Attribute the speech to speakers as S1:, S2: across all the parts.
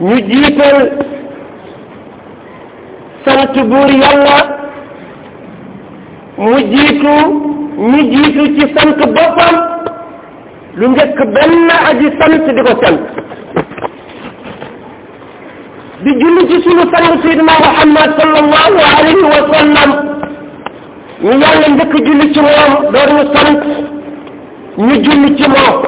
S1: ñu jiital sant buur yàlla jiitu ñu jiitu ci sant boppam lu njëkk benn aji sant di ko di julli ci sunu sang sayyidina Muhammad sallallahu alayhi wa ñu yàlla njëkk julli ci moom door sant ñu julli ci moom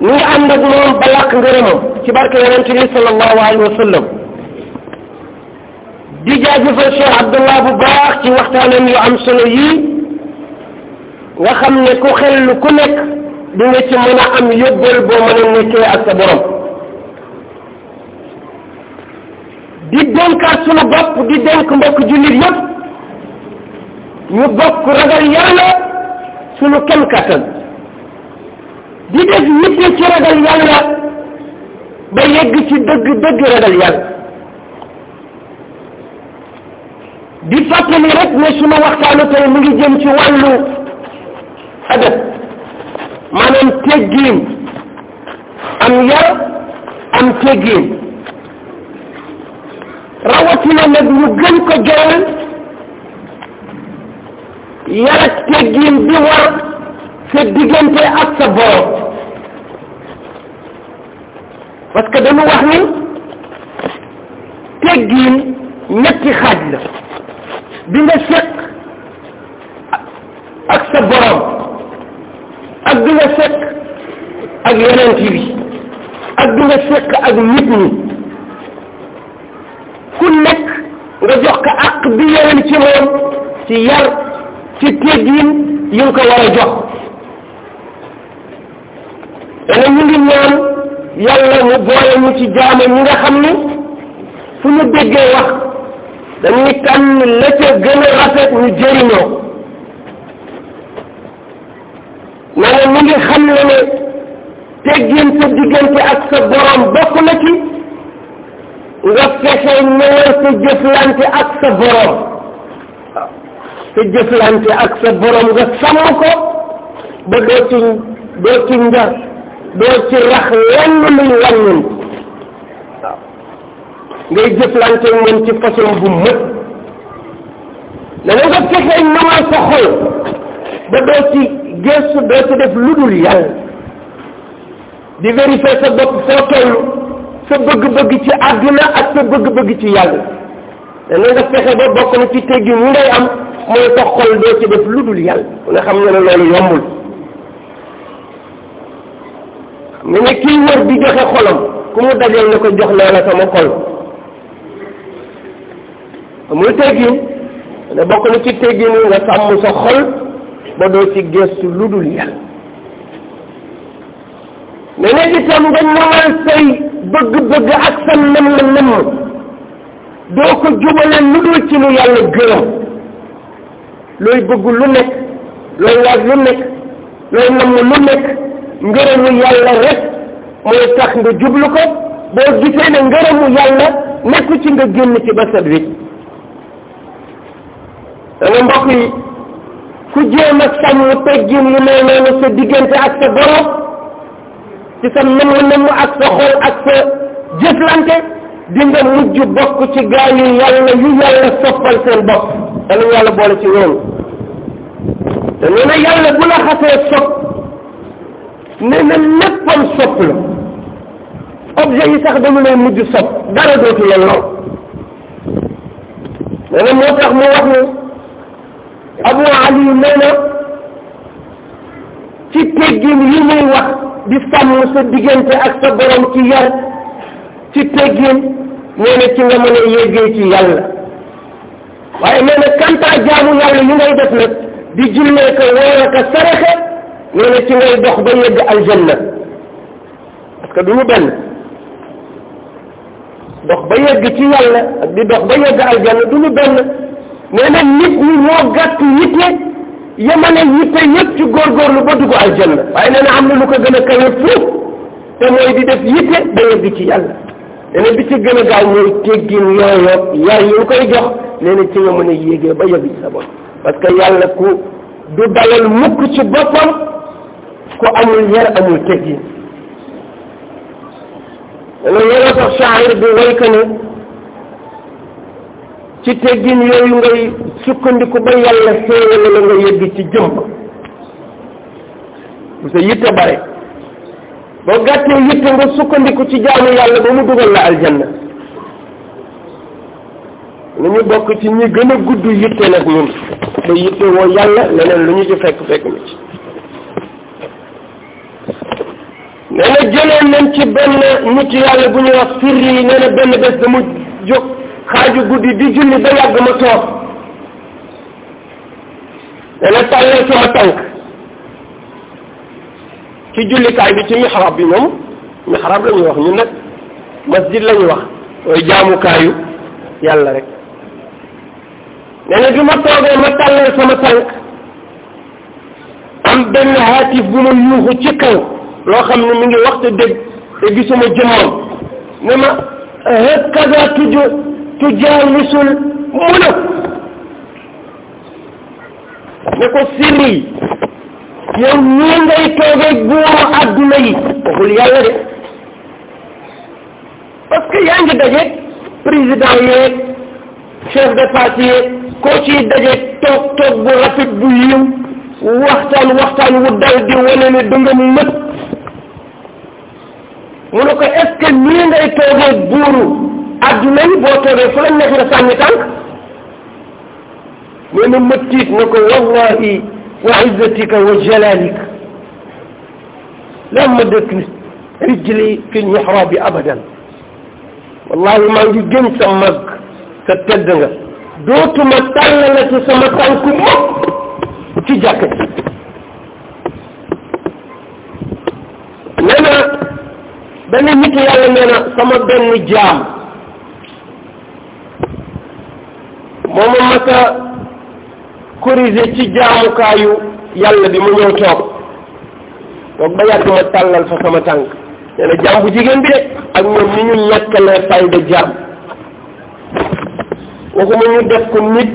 S1: ñu ngi ànd ak moom ba làq ngërëmam ci barke yonente bi sallallahu alayhi wa sallam di jaajëfal Cheikh Abdallah bu baax ci waxtaanam yu am solo yii nga xam ne ku xel lu ku nekk di nga ci mën am yóbbal boo mën a nekkee ak sa borom di dénkaat sunu bopp di dénk mbokk jullit yëpp ñu bokk ragal yàlla sunu kem kattan di def nit ñi ci ragal yàlla ba yegg ci dëgg dëgg ragal yàlla di fàttali rek ne suma waxtaanu tey mu ngi jëm ci wàllu adab maanaam am yar am teggiin rawatina nag ñu gën ko joral yar ak bi war sa diggante ak sa parce que dañu wax ni teggiin ñetti xaaj la bi ak sa ak bi nga ak yonent bi ak bi nga ak nit ku nekk nga jox ko àq ci moom ci yar ci teggiin yi nga ko yàlla mu boole ñu ci jaamu ñi nga xam ni fu ñu déggee wax dañuy tànn la ca gën a rafet ñu jëriñoo maanaam mu ngi xam ne teggin sa diggante ak sa borom bokk na nga fexe ñëwal sa jëflante ak sa borom sa jëflante ak sa borom nga sàmm ba doo njar doo ci rax lenn luñ wàññin waaw ngay jëflante moom ci façon bu mët da nga fexe ñamal sa xol ba doo ci gëstu doo ci def lu dul yàlla di vérifier sa bopp foo toll sa bëgg-bëgg ci àdduna ak sa bëgg-bëgg ci yàlla da nga fexe ba bokk na ci teggi ñu ngay am mooy sa xol doo ci def lu dul yàlla nga xam nga ne loolu yombul ne ne kii wër di joxe xolam ku mu dajal ne ko jox naa la sama xol amul ne bokk xol ba doo ci gestu lu dul yàlla ne ne itam nga ñëwal say bëgg-bëgg ak sa nemm nemm doo ko jubale lu dul ci lu yàlla gërëm looy bëgg lu nekk looy laaj lu nekk looy namm lu nekk ngërëmu yàlla rek mooy tax nga jublu ko boo gisee ne ngërëmu yàlla nekk ci nga génn ci basat wi danga mbokk yi ku jéem a ak sa borom ci sa namm ak sa xol ak sa jëflante di mujj bokk ci gaa yàlla yu yàlla soppal seen bopp danañ yàlla boole ci loolu te nee na yàlla bu la sopp nee na léppam sopp la objet yi sax dama lay mujj sopp dara dootu la lool na moo tax mu wax ne Abu Ali nee ci teggin yi muy wax di sàmm sa diggante ak sa borom ci yar ci teggin nee ci nga mën a yéegee ci yàlla waaye nee kantaa jaamu yàlla yi ngay def di jullee ko woor ak saraxe nee na ci ngay dox ba yegg aljanna parce du ñu benn dox ba yegg ci yàlla di dox ba yegg aljanna du ñu benn nee na nit ñi ñoo gàtt yitte yemale yitte yëpp ci góorgóorlu ba dugg aljanna waaye nee na am na lu ko gën a kawe fuuf te mooy di def yitte ba yegg ci yàlla nee bi ci gën a gaaw mooy teggin yooyoo yaay yi koy jox nee ci nga mën a yéegee ba yegg ci sa bopp parce yàlla ku du dalal mukk ci boppam ko amul yar amul teggin loolu yéen a tax shaayir bi wayka ne ci teggin yooyu ngay sukkandiku ba yàlla xéewal la nga yegg ci jëmb bu sa yitte bare boo gàttee yitte nga sukkandiku ci jaamu yàlla ba mu dugal la aljanna lu ñu bokk ci ñi gën a gudd yitte nag ñun ba yitte woo yàlla leneen lu ñu fekk fekk na ci nee na jëloon ci benn nit yàlla bu ñuy wax firri yi nee na benn bés dama jóg guddi di julli ba yàgg ma toog nee na tàllee sama tànk ci jullikaay bi ci mixrab bi moom mixrab la ñuy wax ñun masjid la ñuy wax mooy jaamukaayu yàlla rek nee na bi ma toogee ma tàllee sama tànk am benn haatif bu yuuxu ci kaw loo xam ne mi ngi waxtu dëgg te gisuma jëmmam ne ma hakaza tuju tujaalisul muna ne ko sirri yow nii ngay toogee buuru adduna yi waxul yàlla de parce que yaa ngi dajeeg président de parti yeeg koo ciy dajeeg toog bu rafet bu yiw waxtaan waxtaan wu dal di wane ne danga mët mu ne ko est ce que nii ngay toogee buuru adduna yi boo toogee fu la nekk nga sànni tànk mu ne ma tiit ne ko wallahi wa izzatika wa jalalika lam ma dëkk rijli fi lmihrabi abadan wallahi maa ngi gën sa mag sa tedd nga dootuma tàllalati sama tànku mukk ci jàkk benn nit yàlla nee na sama benn jaam moo ma mas a corriger ci jaamukaayu yàlla bi mu ñëw toog toog ba yàgg ma tàllal fa sama tànk nee na jaam bu jigéen bi de ak ñoom ni ñu ñàkkalee fayda jaam waxuma ñu def ko nit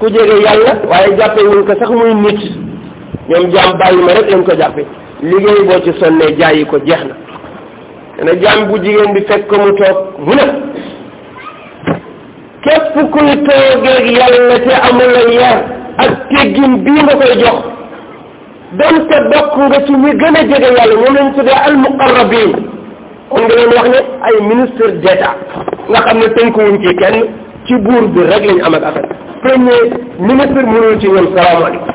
S1: ku jege yàlla waaye jàppee wuñ ko sax muy nit ñoom jaam bàyyi ma rek lañ ko jàppe liggéey boo ci sonnee jaayi ko jeex na ne jaam bu jigéen bi fekk mu toog mu ne képp kuy yàlla te amul a yar ak teggin bii nga koy jox donte bokk nga ci ñi gën a jege yàlla moom lañ tuddee al muqarrabin kon nga leen wax ne ay ministre d'état nga xam ne tënkuwuñ ci kenn ci buur bi rek lañ am ak affaire premier ministre mënul ci ñoom salaamaaleykum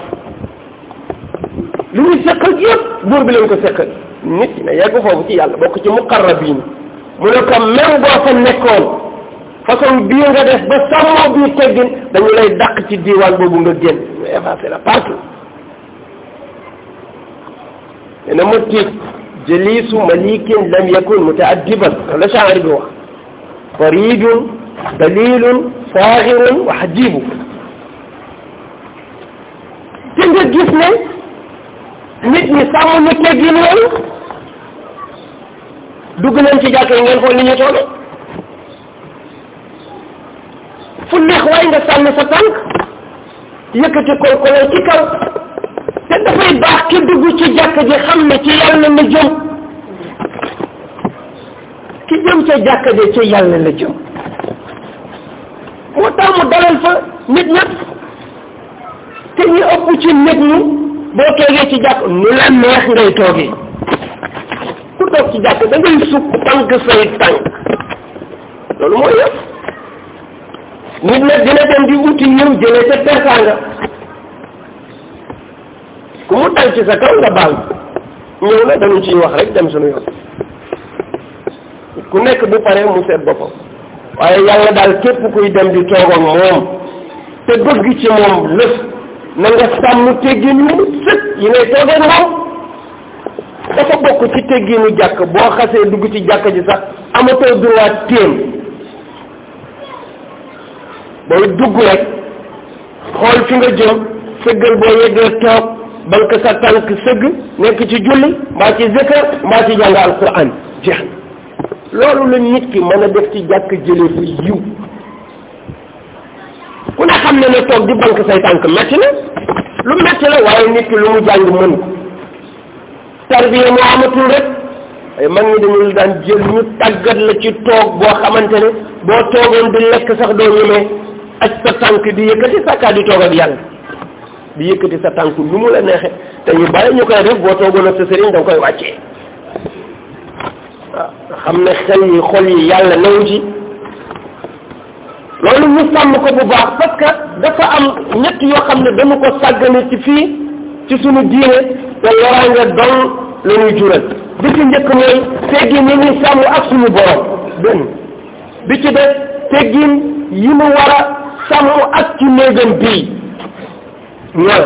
S1: li ñu seqal yëpp buur bi lañ ko seqal nit na yegg foofu ci yàlla bokk ci muqarrabiin mu ne ko même fa nekkoon façon bii nga def ba sàmmoo bii teggin dañu lay dàq ci diiwaan boobu nga génn ñu effacé la partout dana ma tiit jaliisu malikin lam yakun mutaaddiban la chaari bi wax faridun dalilun saaxirun wa xajibu te nga gis ne nit ñi sàmm ñu teggin loolu dugg nañ ci jàkk yi ngeen xool ni ñu toole fu neex waaye nga sànni sa tànk yëkkati kolkolal ci kaw te dafay baax ki dugg ci jàkk ji xam ne ci yàlla la jëm ki jëm ca jàkk ji ci yàlla la jëm moo tax mu dalal fa nit ñëpp te ñu ëpp ci nit ñi boo toogee ci jàkk nu la neex ngay toogee ku toog ci jàkk da ngay sukk tànk say tànk loolu mooy yëpp nit nag dina dem di wuti yiw jëlee sa persaanga ku mu dal ci sa kaw nga baal ñëw na dañu ciy wax rek dem suñu yoon ku nekk bu paree mu seet boppam waaye yàlla daal képp kuy dem di toogoon moom te bëgg ci moom lëf na nga sàmm teggin yu sët yi ngay toogee moom dafa bokk ci tegginu jàkk boo xasee dugg ci jàkk ji sax amatoo droit téem booy dugg rek xool fi nga jëm sëggal boo yeggee toog banque sa tànk sëgg nekk ci julli mbaa ci zikar mbaa ci jàng alquran jeex loolu la nit ki mën a def ci jàkk jëlee fa yiw ku ne xam ne ne toog di banque say tànk metti na lu metti la waaye nit ki lu mu jàng mën ko tarbiya mu amatul rek ay mag ñi dañu daan jël ñu tàggat la ci toog boo xamante ne boo toogoon di lekk sax doo ñemee ak sa tànk di yëkkati sa kaa di toog ak yàlla di yëkkati sa tànk nu mu la neexe te ñu bari ñu koy def boo toogoon ak sa sëriñ da nga koy wàccee xam ne xel yi xol yi yàlla naw ci loolu ñu sàmm ko bu baax parce que dafa am ñett yoo xam ne dañu ko sàggane ci fii ci suñu diine te loraange dong la ñuy jural bi ci njëkk mooy teggin yi ñuy mu war a sàmm ak ci néegam bii ñaar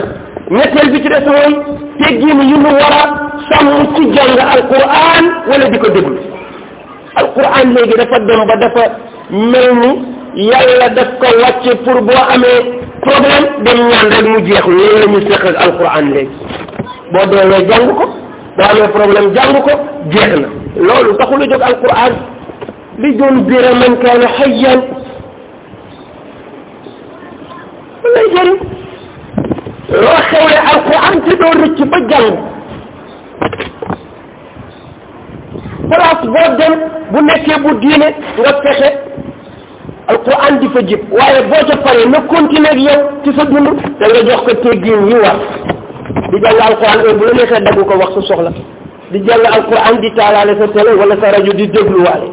S1: bi ci des mooy teggin yi mu war a sàmm ci jàng alquran wala di ko déglu alquran léegi dafa dem ba dafa mel ni yàlla daf ko wàcce pour boo amee problème dem ñaan rek mu jeex loolu la ñu seq ak alquran léegi boo deewee jàng ko boo amee problème jàng ko jeex na loolu taxul a jóg alquran li doon bira man kaana xayyan lay jëriñ loo xewle alquran te doo rëcc ba jàng place boo dem bu nekkee bu diine nga fexe alquran di fa jib waaye boo ca paree na continuer ak yow ci sa dund da jox ko teggin yi war di jàng alquran heure ko wax di jàng alquran di taalaale sa télé wala sa rajo di dégluwaale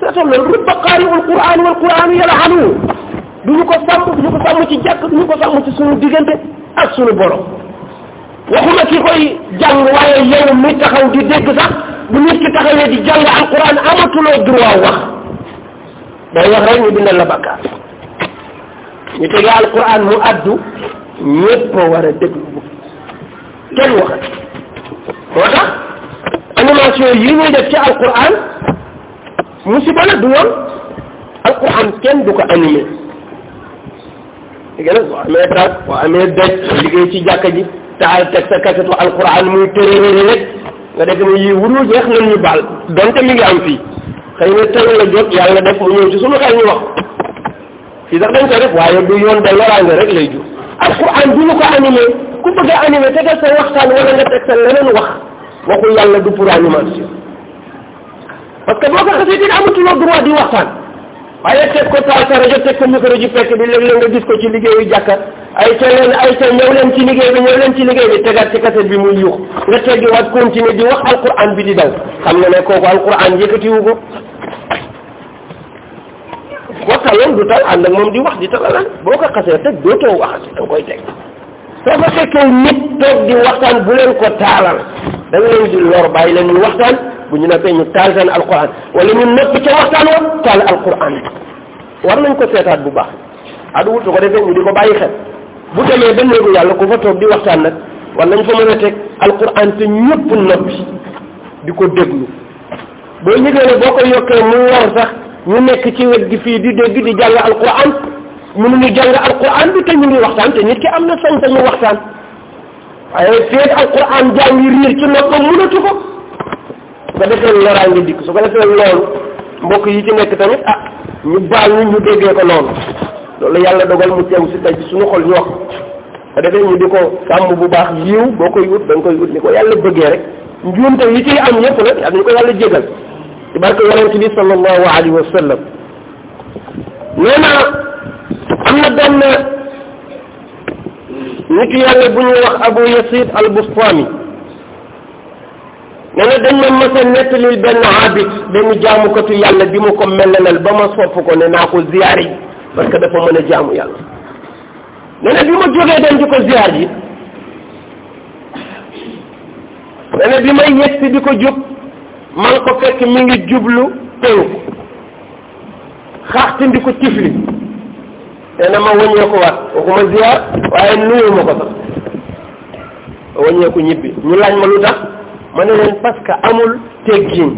S1: sa soxla rubba qaari'ul quran wal quran yalhanuhu du ñu ko sàmm du ñu ko sàmm ci jàkk du ñu ko sàmm ci suñu diggante ak suñu borom
S2: waxuma ki koy
S1: jàng waaye yow mi taxaw di dégg sax bu nit ki taxawee di jàng alquran amatuloo droit wax day wax rek ñu bindal la bakkaar ñu tege alquran mu addu ñépp war a déglu kenn waxat moo tax animation yi ñuy def ci alquran musiba la du yoon alquran kenn du ko animé dégg nga boo amee taw boo liggéey ci jàkka ji te teg sa kasetu alquran muy tërërëri rek nga dégg ne yii wurul jeex nan baal donte mi ngi am fii xëy na tey la jot yàlla def mu ñëw ci suñu xel ñu wax fii sax dañ koy def waaye du yoon day rek lay jur alquran bu ñu ko animé ku bëgg a animé tegal sa waxtaan wala nga teg sa leneen wax waxul yàlla du pour animation parce que boo ko xasee dina amatuloo droit di waxtaan waaye teg ko taal sa rajo teg ko micro ji fekk bi léeg-léeg nga gis ko ci liggéeyu jàkka ay ca leen ay ca ñëw leen ci liggéey bi ñëw leen ci liggéey bi tegaat ci kaset bi muy yuux nga teggiwaat continuer di wax bi di daw xam nga ne kooku alquran yëkkatiwu ko moo tax loolu du tal ànd ak moom di wax di talalal boo ko xasee teg dootoo waxati da nga koy teg soo fa fekkee nit toog di waxtaan bu leen ko taalal da nga leen di lor bàyyi leen ñu waxtaan bu ñu noppee ñu taal seen alquran wala ñu noppi ca waxtaan wa taal alquran war nañ ko seetaat bu baax aduwul su ko defee ñu di ko bàyyi xel bu demee ba néegu yàlla ku fa toog di waxtaan nag war nañ fa mën a teg alquran te ñëpp noppi di ko déglu boo boo ñu nekk ci wet gi fii di dégg di jàng alquran mënuñu jàng alquran bi te ñu ngi waxtaan te nit ki am na sañ-sañu waxtaan waaye feet alquran jàng yi riir ci noppam mënatu ko nga defee loraan nga dikk su ko defee loolu mbokk yi ci nekk tamit ah ñu baal ñu ñu déggee ko noonu loolu yàlla dogal mu teew si tey ci suñu xol ñu wax ko defee ñu di ko sàmm bu baax yiw boo koy wut da nga koy wut ni ko yàlla bëggee rek te yi ciy am yëpp nag ak ñu ko yàlla jégal ci barke yonent bi sallallahu alayhi wa sallam nee na am na benn yàlla bu wax Abu Yasid al-Bustami dañ ma mës a nettalil benn abid benn jaamukatu yàlla bi mu ko mellalal ba ma sopp ne naa ko ziyaar yi parce que dafa mën a jaamu yàlla nee bi ma jógee dem di ko ziyaar yi nee bi may yegsi di ko jóg man ko fekk mi ngi jublu penku xaxtindi ko tifli nee na ma wëññeeku waat waxuma ziar waaye nuyu ko sax wëññeeku ñibbi ñu laaj ma lu tax ma ne leen parce amul teggin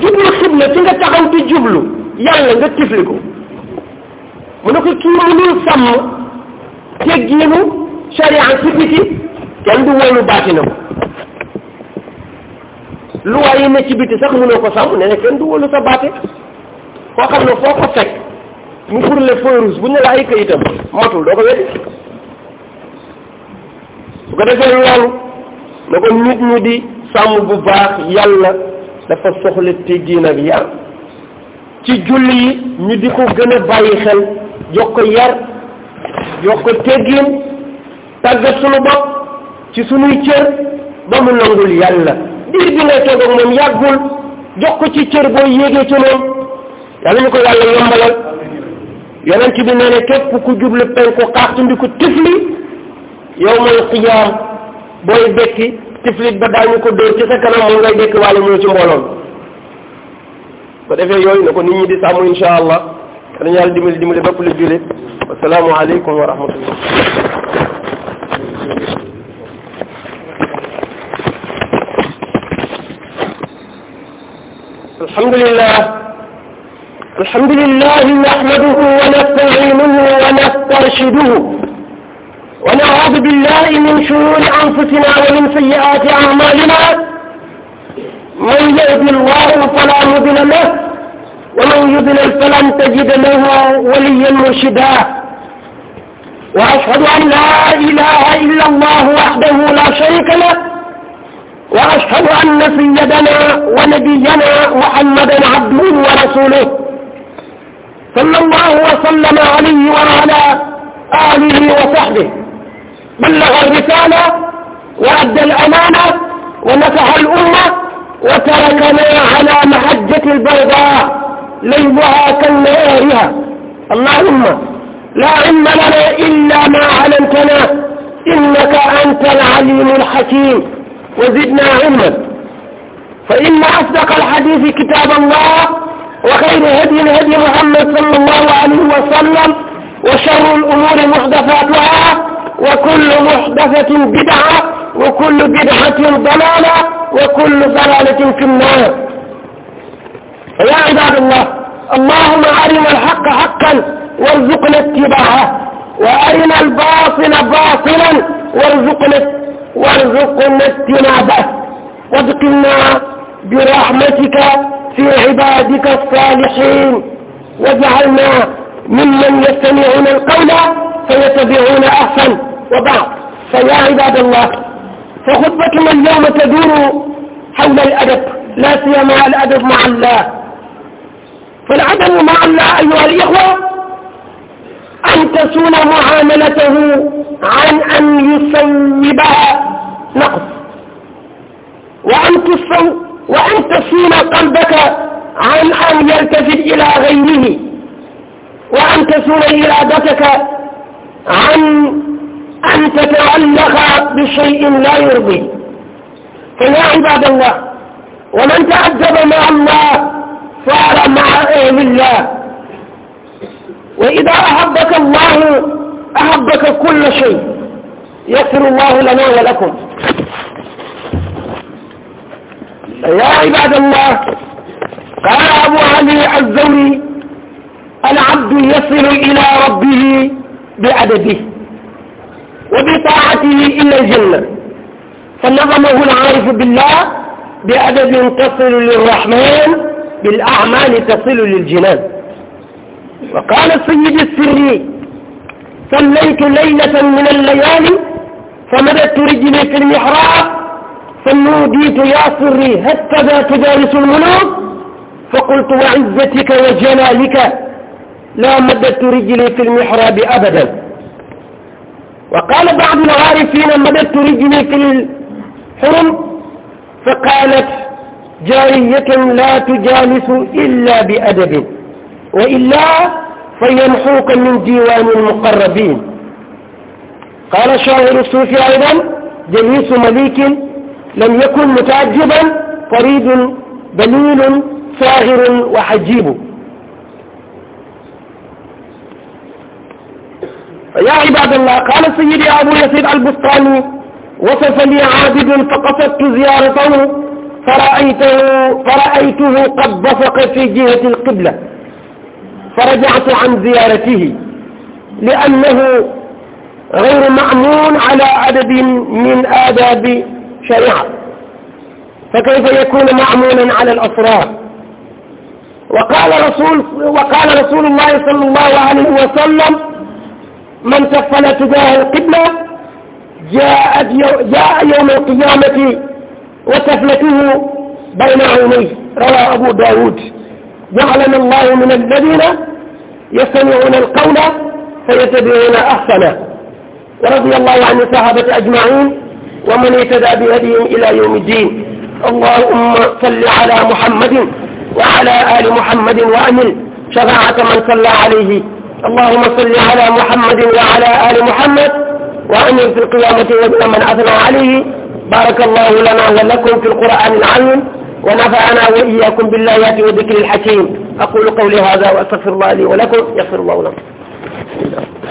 S1: jublu xibla ci nga taxaw di jublu yàlla nga tifli ko mu ne ko kii mënul sàmm tegginu sharia ci biti kenn du wóolu baati ko loi yi ne ci biti sax mënoo ko sàmm ne ne kenn du wóolu sa baate koo xam ne foo ko fekk mu furle feu bu ñu la ay kayitam matul doo ko weddi bu ko defee loolu na ko nit ñi di sàmm bu baax yàlla dafa soxla teggin ak yar ci julli yi ñu di ko gën a bàyyi xel jox ko yar jox ko teggin tàggat sunu bopp ci sunuy cër ba mu nangul yàlla diir bi ngay toog moom yàggul jox ko ci cer boo yéegee ci moom yàlla ñu ko yàlla yombalal yonent bi nee na képp ku jublu penku xaxtandiku tifli yowmal qiyaam booy dekki tiflit ba daañu ko dóor ci sa kanam moom ngay dekk wàlla ñëw ci mbooloon ko defee yooyu na ko ni ñi di sàmm insha allah yàlla ñu yàlla dimbali dimbali bépp lu jullit wasalaamu aleykum wa rahmatullah الحمد لله الحمد لله نحمده ونستعينه ونسترشده ونعوذ بالله من شرور أنفسنا ومن سيئات أعمالنا من يهد الله فلا مضل له ومن يضلل فلن تجد له وليا مرشدا وأشهد أن لا إله إلا الله وحده لا شريك له واشهد ان سيدنا ونبينا محمدا عبده ورسوله صلى الله وسلم عليه وعلى اله وصحبه بلغ الرساله وادى الامانه ونفع الامه وتركنا على محجه البيضاء ليلها كنهارها اللهم لا علم لنا الا ما علمتنا انك انت العليم الحكيم وزدنا علما فإن أصدق الحديث كتاب الله وخير هدي هدي محمد صلى الله عليه وسلم وشر الأمور محدثاتها وكل محدثة بدعة وكل بدعة ضلالة وكل ضلالة في النار يا عباد الله اللهم أرنا الحق حقا وارزقنا اتباعه وأرنا الباطل باطلا وارزقنا وارزقنا اجتنابه وادقنا برحمتك في عبادك الصالحين واجعلنا ممن يستمعون القول فيتبعون احسن وبعد فيا عباد الله فخطبتنا اليوم تدور حول الادب لا سيما الادب مع الله فالعدل مع الله ايها الاخوه أن تكون معاملته عن أن يسيبها نقص وأن تصن وأن تصين قلبك عن أن يلتفت إلى غيره وأن تكون إرادتك عن أن تتعلق بشيء لا يرضي فيا عباد الله ومن تعذب مع الله صار مع أهل الله وإذا أحبك الله أحبك كل شيء يغفر الله لنا ولكم يا عباد الله قال أبو علي الزوري العبد يصل إلى ربه بأدبه وبطاعته إلى الجنة فنظمه العارف بالله بأدب تصل للرحمن بالأعمال تصل للجنان وقال السيد السري صليت ليلة من الليالي فمددت رجلي في المحراب فنوديت يا سري هل تدارس الملوك فقلت وعزتك وجلالك لا مددت رجلي في المحراب أبدا وقال بعض العارفين مددت رجلي في الحرم فقالت جارية لا تجالس إلا بأدب وإلا فيمحوك من ديوان المقربين قال شاعر الصوفي أيضا جليس مليك لم يكن متعجبا فريد بليل صاغر وحجيب يا عباد الله قال سيدي أبو يزيد البسطاني وصف لي عابد فقصدت زيارته فرأيته, فرأيته قد بصق في جهة القبلة فرجعت عن زيارته لأنه غير مأمون على عدد من آداب شريعة فكيف يكون مأمونا على الأسرار وقال رسول, وقال رسول الله صلى الله عليه وسلم من تفل تجاه القبلة جاء, جاء يوم القيامة وتفلته بين عينيه روى أبو داود جعلنا الله من الذين يستمعون القول فيتبعون أحسنه ورضي الله عن الصحابة أجمعين ومن اهتدى بهديهم إلى يوم الدين اللهم صل على محمد وعلى آل محمد وأمل شفاعة من صلى عليه اللهم صل على محمد وعلى آل محمد وأمل في القيامة وابن من أثنى عليه بارك الله لنا ولكم في القرآن العظيم ونفعنا وإياكم بالآيات والذكر الحكيم أقول قولي هذا وأستغفر الله لي ولكم يغفر الله لكم